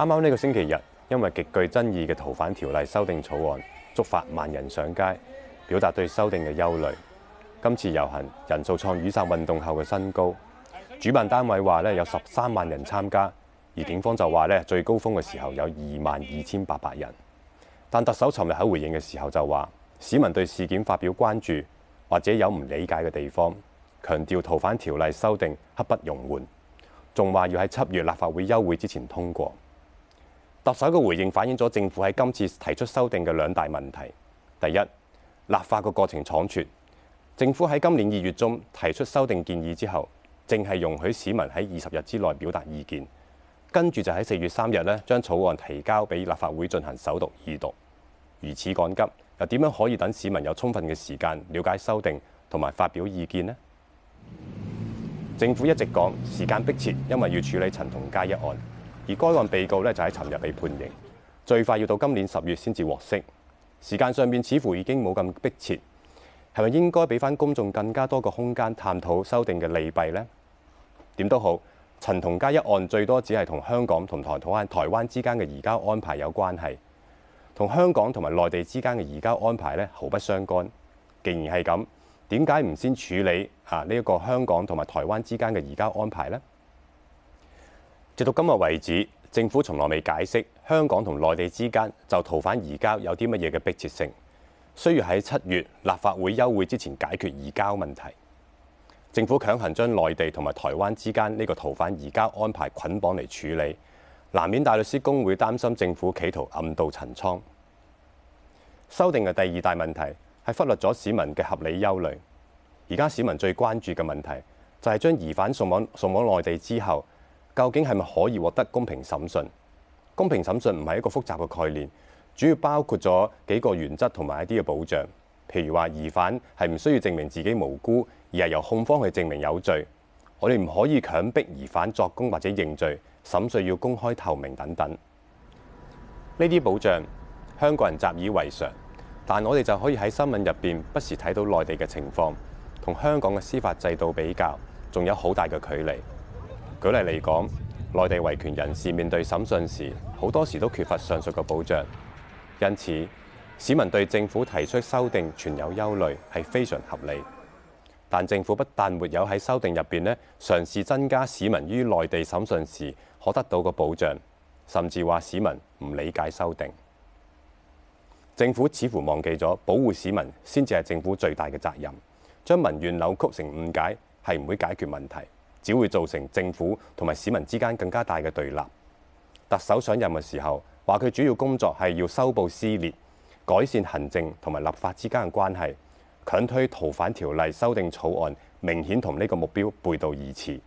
啱啱呢個星期日，因為極具爭議嘅逃犯條例修訂草案，觸發萬人上街，表達對修訂嘅憂慮。今次遊行人數創雨傘運動後嘅新高。主辦單位話呢有十三萬人參加，而警方就話呢最高峰嘅時候有二萬二千八百人。但特首尋日喺回應嘅時候就話，市民對事件發表關注或者有唔理解嘅地方，強調逃犯條例修訂刻不容緩，仲話要喺七月立法會休會之前通過。特首嘅回應反映咗政府喺今次提出修訂嘅兩大問題。第一，立法嘅過程倉促。政府喺今年二月中提出修訂建議之後，淨係容許市民喺二十日之內表達意見，跟住就喺四月三日呢將草案提交俾立法會進行首讀、二讀，如此趕急又點樣可以等市民有充分嘅時間了解修訂同埋發表意見呢？政府一直講時間迫切，因為要處理陳同佳一案。而該案被告咧就喺尋日被判刑，最快要到今年十月先至獲釋。時間上面似乎已經冇咁迫切，係咪應該俾翻公眾更加多個空間探討修訂嘅利弊呢？點都好，陳同佳一案最多只係同香港同台土灣台灣之間嘅移交安排有關係，同香港同埋內地之間嘅移交安排咧毫不相干。既然係咁，點解唔先處理啊呢一個香港同埋台灣之間嘅移交安排呢？直到今日為止，政府從來未解釋香港同內地之間就逃犯移交有啲乜嘢嘅迫切性，需要喺七月立法會休會之前解決移交問題。政府強行將內地同埋台灣之間呢個逃犯移交安排捆綁嚟處理，難免大律師公會擔心政府企圖暗度陳倉。修訂嘅第二大問題係忽略咗市民嘅合理憂慮。而家市民最關注嘅問題就係將疑犯送往送往內地之後。究竟係咪可以獲得公平審訊？公平審訊唔係一個複雜嘅概念，主要包括咗幾個原則同埋一啲嘅保障，譬如話疑犯係唔需要證明自己無辜，而係由控方去證明有罪。我哋唔可以強迫疑犯作供或者認罪。審訊要公開透明等等。呢啲保障香港人習以為常，但我哋就可以喺新聞入邊不時睇到內地嘅情況，同香港嘅司法制度比較，仲有好大嘅距離。舉例嚟講，內地維權人士面對審訊時，好多時都缺乏上述嘅保障，因此市民對政府提出修訂存有憂慮，係非常合理。但政府不但沒有喺修訂入邊呢嘗試增加市民於內地審訊時可得到嘅保障，甚至話市民唔理解修訂，政府似乎忘記咗保護市民先至係政府最大嘅責任。將民怨扭曲成誤解係唔會解決問題。只會造成政府同埋市民之間更加大嘅對立。特首上任嘅時候，話佢主要工作係要修補撕裂、改善行政同埋立法之間嘅關係，強推逃犯條例修訂草案，明顯同呢個目標背道而馳。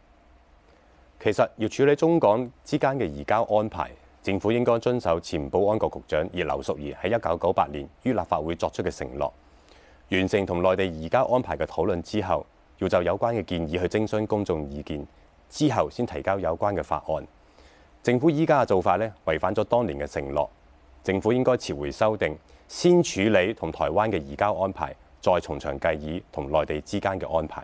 其實要處理中港之間嘅移交安排，政府應該遵守前保安局局長葉劉淑儀喺一九九八年於立法會作出嘅承諾，完成同內地移交安排嘅討論之後，要就有關嘅建議去徵詢公眾意見，之後先提交有關嘅法案。政府依家嘅做法咧違反咗當年嘅承諾。政府應該撤回修訂，先處理同台灣嘅移交安排，再從長計議同內地之間嘅安排。